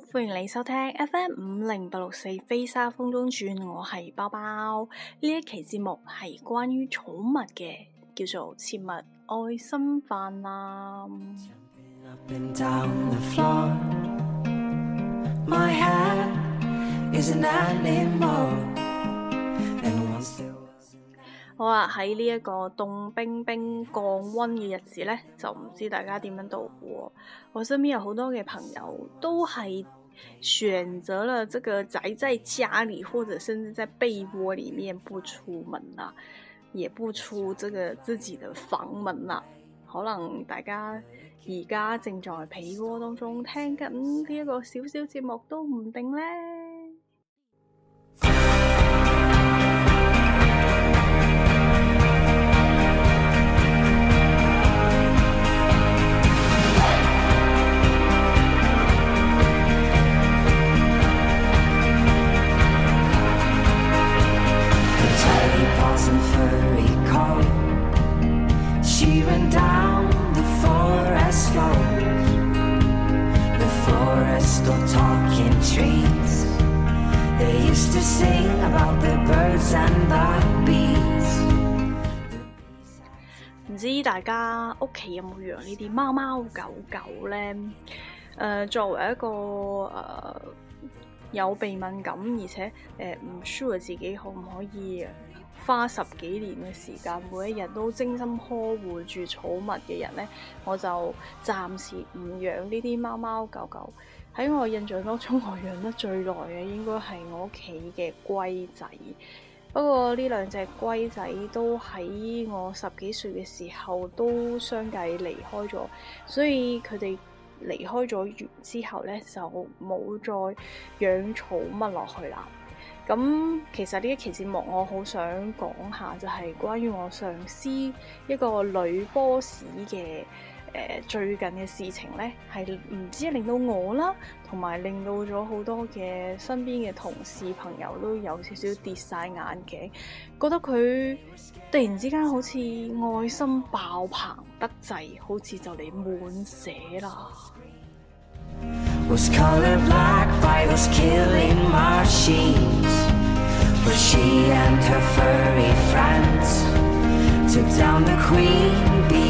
歡迎你收聽 FM 五零八六四《飛沙風中轉》，我係包包。呢一期節目係關於寵物嘅，叫做《切勿愛心泛濫》。 我話喺呢一個凍冰冰、降溫嘅日子咧，就唔知大家點樣度過。我身邊有好多嘅朋友都係選擇了這個宅在家裏，或者甚至在被窩裡面不出門啦，也不出這個自己的房門啦。可能大家而家正在被窩當中聽緊呢一個小小節目都唔定咧。唔知大家屋企有冇養呢啲貓貓狗狗呢？誒、呃，作為一個誒、呃、有鼻敏感，而且誒唔 sure 自己可唔可以花十幾年嘅時間，每一日都精心呵護住寵物嘅人呢，我就暫時唔養呢啲貓貓狗狗。喺我印象當中，我養得最耐嘅應該係我屋企嘅龜仔。不過呢兩隻龜仔都喺我十幾歲嘅時候都相繼離開咗，所以佢哋離開咗之後呢，就冇再養寵物落去啦。咁其實呢一期節目我好想講下，就係關於我上司一個女 boss 嘅。誒，最近嘅事情咧，係唔止令到我啦，同埋令到咗好多嘅身邊嘅同事朋友都有少少跌晒眼鏡，覺得佢突然之間好似愛心爆棚得滯，好似就嚟滿瀉啦。Was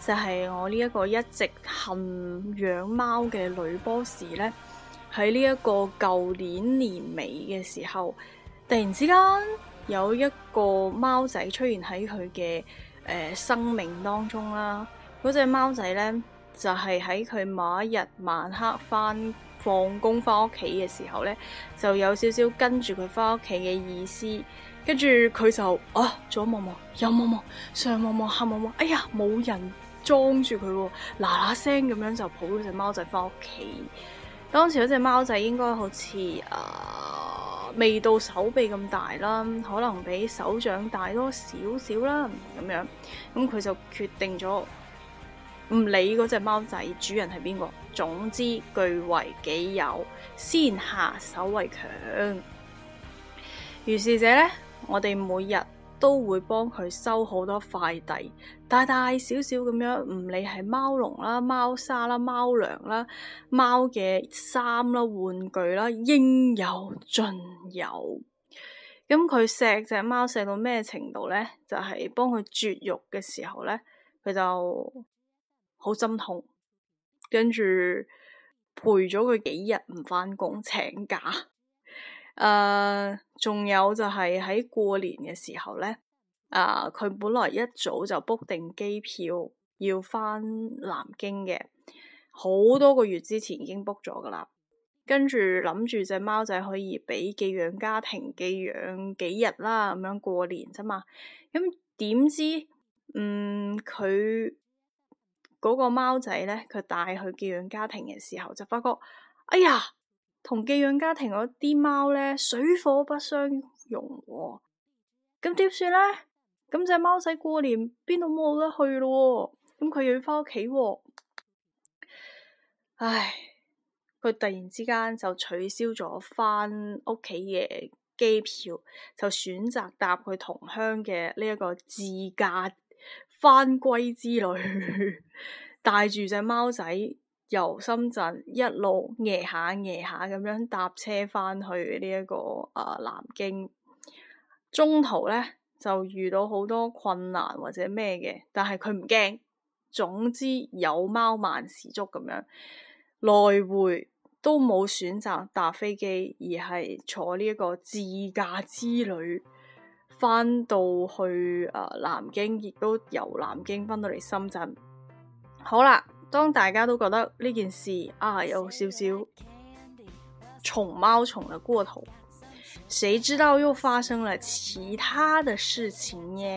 就係我呢一個一直含養貓嘅女 boss 呢，喺呢一個舊年年尾嘅時候，突然之間有一個貓仔出現喺佢嘅誒生命當中啦。嗰隻貓仔呢，就係喺佢某一日晚黑翻放工翻屋企嘅時候呢，就有少少跟住佢翻屋企嘅意思，跟住佢就啊左望望右望望上望望下望望，哎呀冇人。裝住佢喎，嗱嗱聲咁樣就抱咗隻貓仔返屋企。當時嗰隻貓仔應該好似啊未到手臂咁大啦，可能比手掌大多少少啦，咁樣。咁佢就決定咗唔理嗰隻貓仔主人係邊個，總之據為己有，先下手為強。如是者呢，我哋每日，都會幫佢收好多快遞，大大小小咁樣，唔理係貓籠啦、貓砂啦、貓糧啦、貓嘅衫啦、玩具啦，應有盡有。咁佢錫隻貓錫到咩程度呢？就係幫佢絕育嘅時候呢，佢就好心痛，跟住陪咗佢幾日唔翻工，請假。誒，仲、uh, 有就係喺過年嘅時候咧，啊，佢本來一早就 book 定機票要翻南京嘅，好多個月之前已經 book 咗噶啦，跟住諗住隻貓仔可以俾寄養家庭寄養幾日啦，咁樣過年啫嘛，咁、啊、點知，嗯，佢嗰、嗰個貓仔咧，佢帶去寄養家庭嘅時候就發覺，哎呀！同寄養家庭嗰啲貓咧，水火不相容喎。咁點算咧？咁隻貓仔過年邊度冇得去咯？咁佢又要翻屋企。唉，佢突然之間就取消咗翻屋企嘅機票，就選擇搭佢同鄉嘅呢一個自駕翻歸之旅，帶住隻貓仔。由深圳一路挨下挨下咁樣搭車翻去呢一個啊南京，中途咧就遇到好多困難或者咩嘅，但係佢唔驚，總之有貓萬事足咁樣，來回都冇選擇搭飛機，而係坐呢一個自駕之旅翻到去啊南京，亦都由南京翻到嚟深圳，好啦。當大家都覺得呢件事啊有少少寵貓寵得過頭，誰知道又發生了其他的事情呢？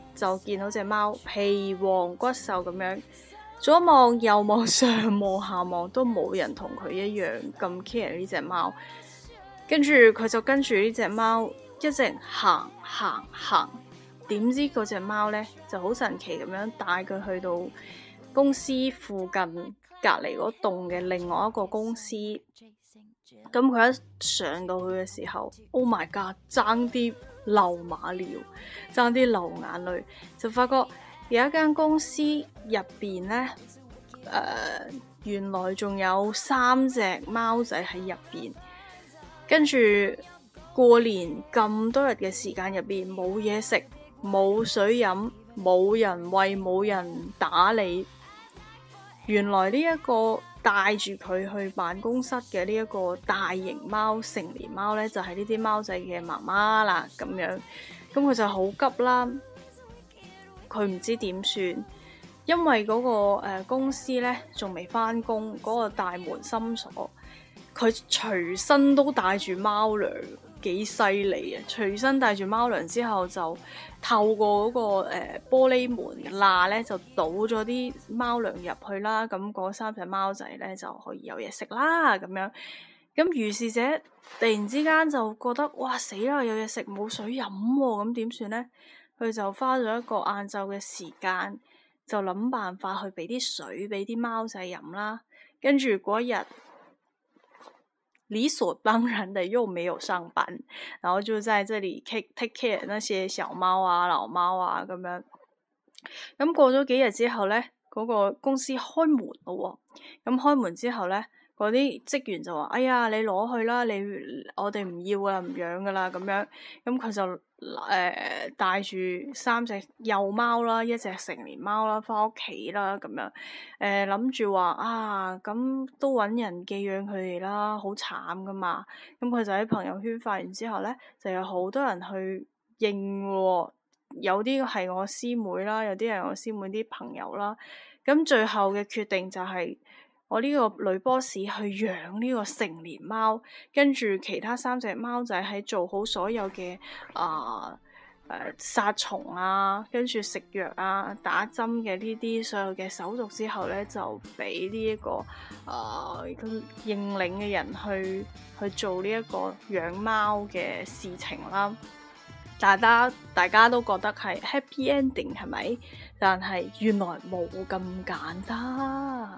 就見到隻貓皮黃骨瘦，咁樣左望右望上望下望，都冇人同佢一樣咁 care 呢隻貓，跟住佢就跟住呢隻貓一直行行行，點知嗰隻貓呢，就好神奇咁樣帶佢去到公司附近隔離嗰棟嘅另外一個公司，咁佢一上到去嘅時候，oh my god，爭啲～流馬尿，爭啲流眼淚，就發覺有一間公司入邊呢，誒、呃、原來仲有三隻貓仔喺入邊，跟住過年咁多日嘅時間入邊冇嘢食，冇水飲，冇人餵，冇人打理，原來呢、這、一個。帶住佢去辦公室嘅呢一個大型貓，成年貓呢就係呢啲貓仔嘅媽媽啦，咁樣，咁佢就好急啦，佢唔知點算，因為嗰、那個誒、呃、公司呢仲未返工，嗰、那個大門深鎖，佢隨身都帶住貓糧。幾犀利啊！隨身帶住貓糧之後，就透過嗰個呃玻璃門罅咧，就倒咗啲貓糧入去啦。咁嗰三隻貓仔咧，就可以有嘢食啦。咁樣咁如是者突然之間就覺得哇死啦！有嘢食冇水飲，啊，咁點算咧？佢就花咗一個晏晝嘅時間，就諗辦法去俾啲水俾啲貓仔飲啦。跟住嗰日。理所當然的又沒有上班，然後就在這裏 take take care 那些小貓啊、老貓啊咁樣，咁、嗯、過咗幾日之後呢，嗰、那個公司開門了，喎，咁、嗯、開門之後呢。嗰啲職員就話，哎呀，你攞去啦，你我哋唔要啦，唔養噶啦，咁樣。咁、嗯、佢就誒帶住三隻幼貓啦，一隻成年貓啦，翻屋企啦，咁樣。誒諗住話啊，咁都揾人寄養佢哋啦，好慘噶嘛。咁、嗯、佢就喺朋友圈發完之後咧，就有好多人去認喎，有啲係我師妹啦，有啲係我師妹啲朋友啦。咁最後嘅決定就係、是。我呢個女 boss 去養呢個成年貓，跟住其他三隻貓仔喺做好所有嘅啊誒殺蟲啊，跟住食藥啊、打針嘅呢啲所有嘅手續之後呢，就俾呢一個啊、呃、認領嘅人去去做呢一個養貓嘅事情啦。大家大家都覺得係 happy ending，係咪？但係原來冇咁簡單。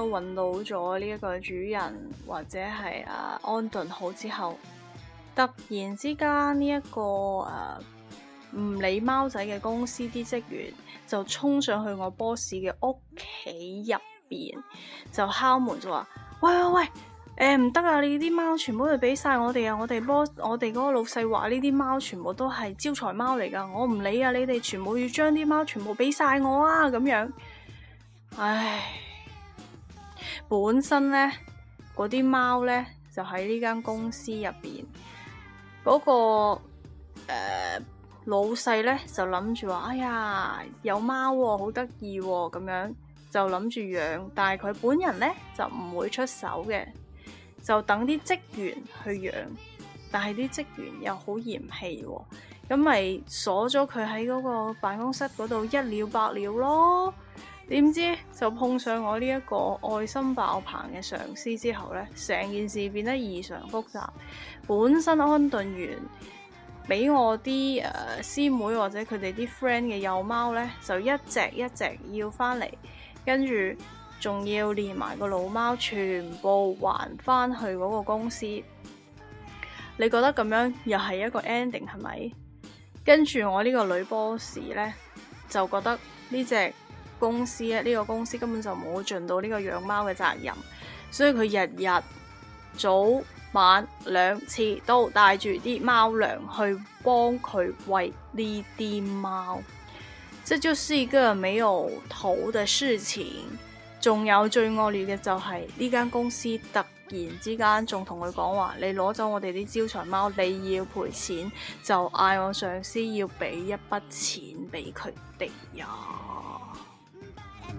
都揾到咗呢一個主人，或者係啊，安頓好之後，突然之間呢一個誒唔理貓仔嘅公司啲職員就衝上去我 boss 嘅屋企入邊，就敲門就話喂喂喂，誒唔得啊！你啲貓全部要俾晒我哋啊！我哋波我哋嗰個老細話呢啲貓全部都係招財貓嚟噶我唔理啊！你哋全部要將啲貓全部俾晒我啊！咁樣，唉。本身呢，嗰啲貓呢，就喺呢間公司入邊，嗰個，誒老細呢，就諗住話：哎呀，有貓喎，好得意喎，咁樣就諗住養。但係佢本人呢，就唔會出手嘅，就等啲職員去養。但係啲職員又好嫌棄喎，咁咪鎖咗佢喺嗰個辦公室嗰度一了百了咯。點知就碰上我呢一個愛心爆棚嘅上司之後呢，成件事變得異常複雜。本身安頓員完俾我啲誒、呃、師妹或者佢哋啲 friend 嘅幼貓呢，就一隻一隻要翻嚟，跟住仲要連埋個老貓，全部還翻去嗰個公司。你覺得咁樣又係一個 ending 係咪？跟住我呢個女 boss 呢，就覺得呢隻。公司呢，呢個公司根本就冇盡到呢個養貓嘅責任，所以佢日日早晚兩次都帶住啲貓糧去幫佢餵呢啲貓，這就是一個沒有頭的事情。仲有最惡劣嘅就係呢間公司突然之間仲同佢講話，你攞走我哋啲招財貓，你要賠錢，就嗌我上司要俾一筆錢俾佢哋呀。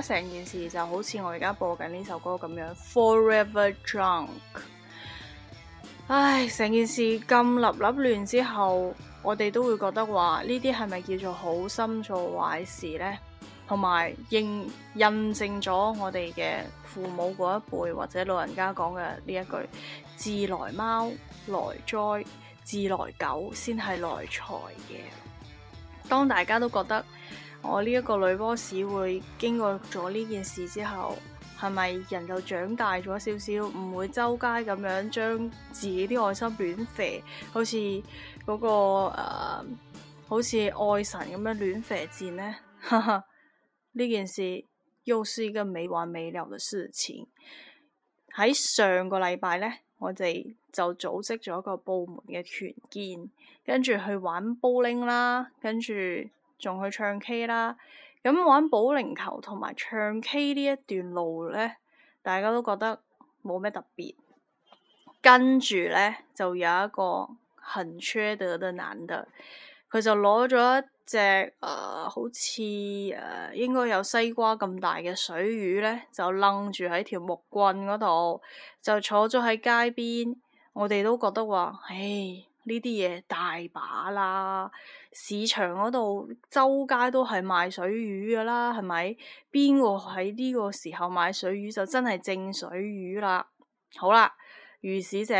成件事就好似我而家播緊呢首歌咁樣，Forever Drunk。唉，成件事咁立立亂之後，我哋都會覺得話呢啲係咪叫做好心做壞事咧？同埋應印證咗我哋嘅父母嗰一輩或者老人家講嘅呢一句：自來貓來災，自來狗先係來財嘅。當大家都覺得，我呢一個女 boss 會經過咗呢件事之後，係咪人就長大咗少少，唔會周街咁樣將自己啲愛心亂射，好似嗰、那個誒、呃，好似愛神咁樣亂射箭呢？呢 件事又是一個沒完沒了嘅事情。喺上個禮拜呢，我哋就組織咗一個部門嘅團建，跟住去玩保齡啦，跟住。仲去唱 K 啦，咁玩保齡球同埋唱 K 呢一段路呢，大家都覺得冇咩特別。跟住呢，就有一個很缺德嘅男的男嘅，佢就攞咗一隻誒、呃，好似誒、呃、應該有西瓜咁大嘅水魚呢，就掕住喺條木棍嗰度，就坐咗喺街邊。我哋都覺得話，唉，呢啲嘢大把啦。市場嗰度周街都係賣水魚噶啦，係咪？邊個喺呢個時候買水魚就真係正水魚啦。好啦，如是者，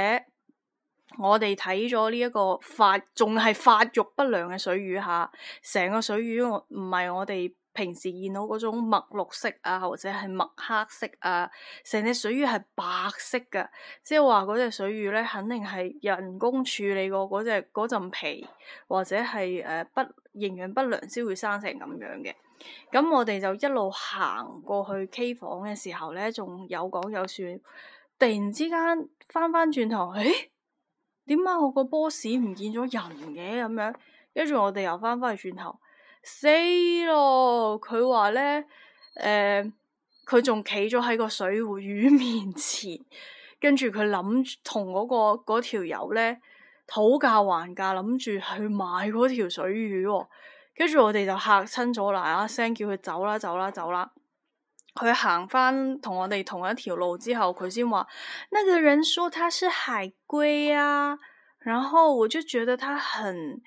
我哋睇咗呢一個發仲係發育不良嘅水魚吓，成個水魚我唔係我哋。平時見到嗰種墨綠色啊，或者係墨黑色啊，成隻水魚係白色嘅，即係話嗰隻水魚咧，肯定係人工處理過嗰隻嗰陣皮，或者係誒不營養不良先會生成咁樣嘅。咁我哋就一路行過去 K 房嘅時候咧，仲有講有説，突然之間翻翻轉頭，誒點解我個 boss 唔見咗人嘅咁樣？跟住我哋又翻翻去轉頭。死咯！佢話咧，誒、呃，佢仲企咗喺個水壺魚面前，跟住佢諗住同嗰個嗰條友咧討價還價，諗住去買嗰條水魚，哦。跟住我哋就吓親咗，喇喇聲叫佢走啦，走啦，走啦。佢行返同我哋同一條路之後，佢先話那個人說他是海龜啊，然後我就覺得他很。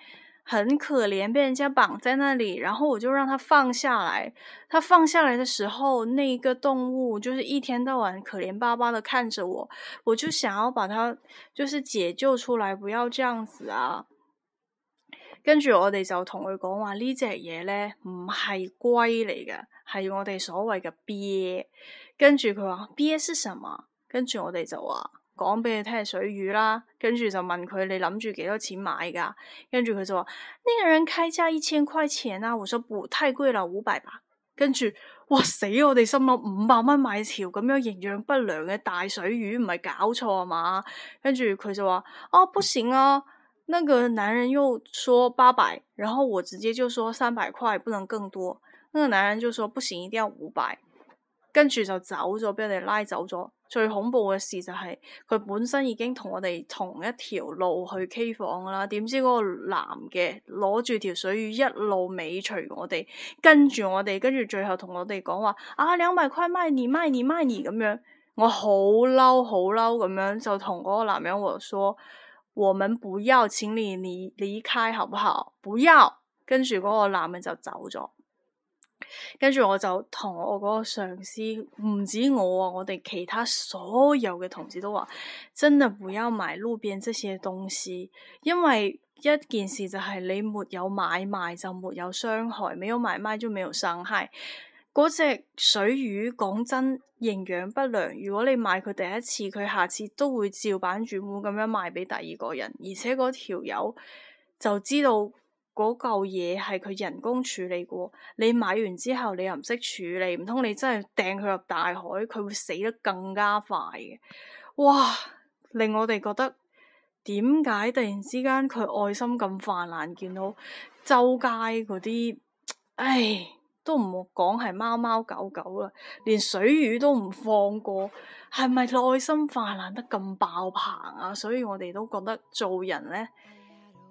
很可憐，被人家綁在那裏，然後我就讓他放下來。他放下來的時候，那個動物就是一天到晚可憐巴巴的看着我，我就想要把它就是解救出來，不要這樣子啊。跟住我哋就同佢講話，呢隻嘢咧唔係龜嚟嘅，係我哋所謂嘅鱉。跟住佢話鱉是什麼？跟住我哋就話啊講俾你聽水魚啦，跟住就問佢你諗住幾多錢買噶？跟住佢就話呢個人開價一千塊錢啊，我說不太貴啦，五百吧。跟住哇死我，我哋心諗五百蚊買條咁樣營養不良嘅大水魚，唔係搞錯啊嘛？跟住佢就話哦，不行啊，那個男人又說八百，然後我直接就說三百塊不能更多。那個男人就說不行，一定要五百。跟住就走咗，畀人哋拉走咗。最恐怖嘅事就係、是、佢本身已經同我哋同一條路去 K 房噶啦，點知嗰個男嘅攞住條水魚一路尾隨我哋，跟住我哋，跟住最後同我哋講話：啊，兩百塊賣你賣你賣你咁樣。我好嬲，好嬲咁樣，就同嗰個男人我說：我們不要，請你離離開，好不好？不要。跟住嗰個男嘅就走咗。跟住我就同我嗰個上司，唔止我啊,我哋其他所有嘅同事都話，真係唔好買路邊啲咁嘅東西，因為一件事就係你沒有買賣就沒有傷害，沒有買賣就沒有傷害。嗰隻水魚講真營養不良，如果你買佢第一次，佢下次都會照板煮碗咁樣賣俾第二個人，而且嗰條友就知道。嗰嚿嘢係佢人工處理過，你買完之後你又唔識處理，唔通你真係掟佢入大海，佢會死得更加快嘅？哇！令我哋覺得點解突然之間佢愛心咁泛濫，見到周街嗰啲，唉，都唔好講係貓貓狗狗啦，連水魚都唔放過，係咪內心泛濫得咁爆棚啊？所以我哋都覺得做人咧。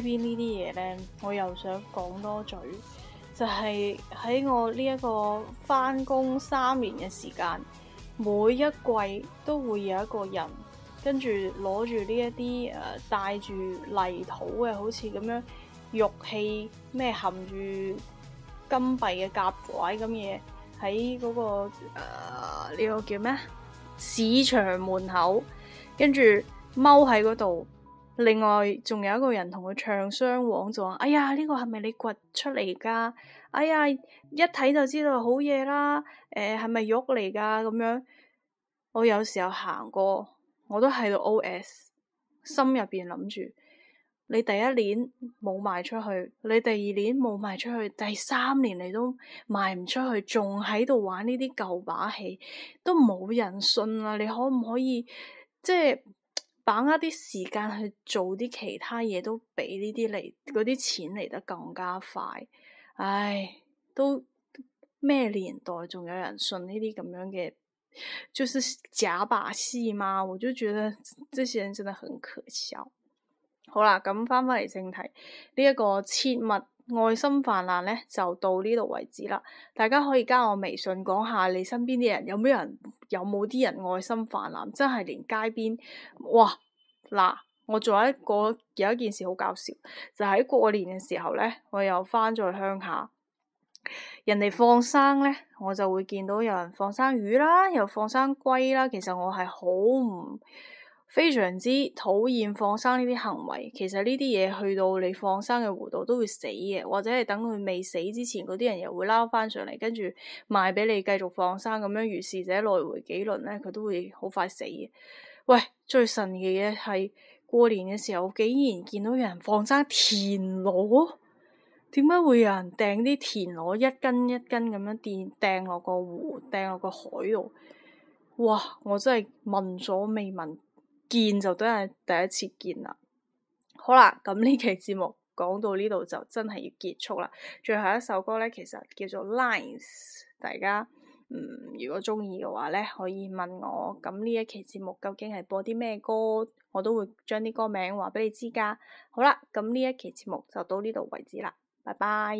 邊呢啲嘢呢，我又想講多嘴，就係、是、喺我呢一個返工三年嘅時間，每一季都會有一個人跟住攞住呢一啲誒帶住泥土嘅，好似咁樣玉器咩含住金幣嘅夾拐咁嘢，喺嗰、那個誒呢、呃這個叫咩市場門口，跟住踎喺嗰度。另外，仲有一個人同佢唱雙簧，就話：哎呀，呢、這個係咪你掘出嚟㗎？哎呀，一睇就知道好嘢啦。誒、呃，係咪玉嚟㗎？咁樣，我有時候行過，我都喺度 OS，心入邊諗住你第一年冇賣出去，你第二年冇賣出去，第三年你都賣唔出去，仲喺度玩呢啲舊把戲，都冇人信啦。你可唔可以即係？把握啲時間去做啲其他嘢，都比呢啲嚟嗰啲錢嚟得更加快。唉，都咩年代仲有人信呢啲咁樣嘅，就是假把戲嘛，我就覺得這些人真的很可笑。好啦，咁翻返嚟正題，呢、這、一個切勿。愛心泛濫呢，就到呢度為止啦。大家可以加我微信講下你身邊啲人有咩人有冇啲人愛心泛濫，真係連街邊哇嗱。我做一個有，一件事好搞笑，就喺過年嘅時候呢，我又翻咗去鄉下，人哋放生呢，我就會見到有人放生魚啦，又放生龜啦。其實我係好唔。非常之討厭放生呢啲行為。其實呢啲嘢，去到你放生嘅湖度都會死嘅，或者係等佢未死之前，嗰啲人又會撈翻上嚟，跟住賣畀你繼續放生咁樣。如是者來回幾輪呢，佢都會好快死嘅。喂，最神奇嘅係過年嘅時候，竟然見到有人放生田螺，點解會有人掟啲田螺一斤一斤咁樣掟掟落個湖，掟落個海度？哇！我真係聞所未聞。見就都係第一次見啦，好啦，咁呢期節目講到呢度就真係要結束啦。最後一首歌咧，其實叫做《Lines》，大家嗯如果鍾意嘅話咧，可以問我。咁呢一期節目究竟係播啲咩歌，我都會將啲歌名話俾你知噶。好啦，咁呢一期節目就到呢度為止啦，拜拜。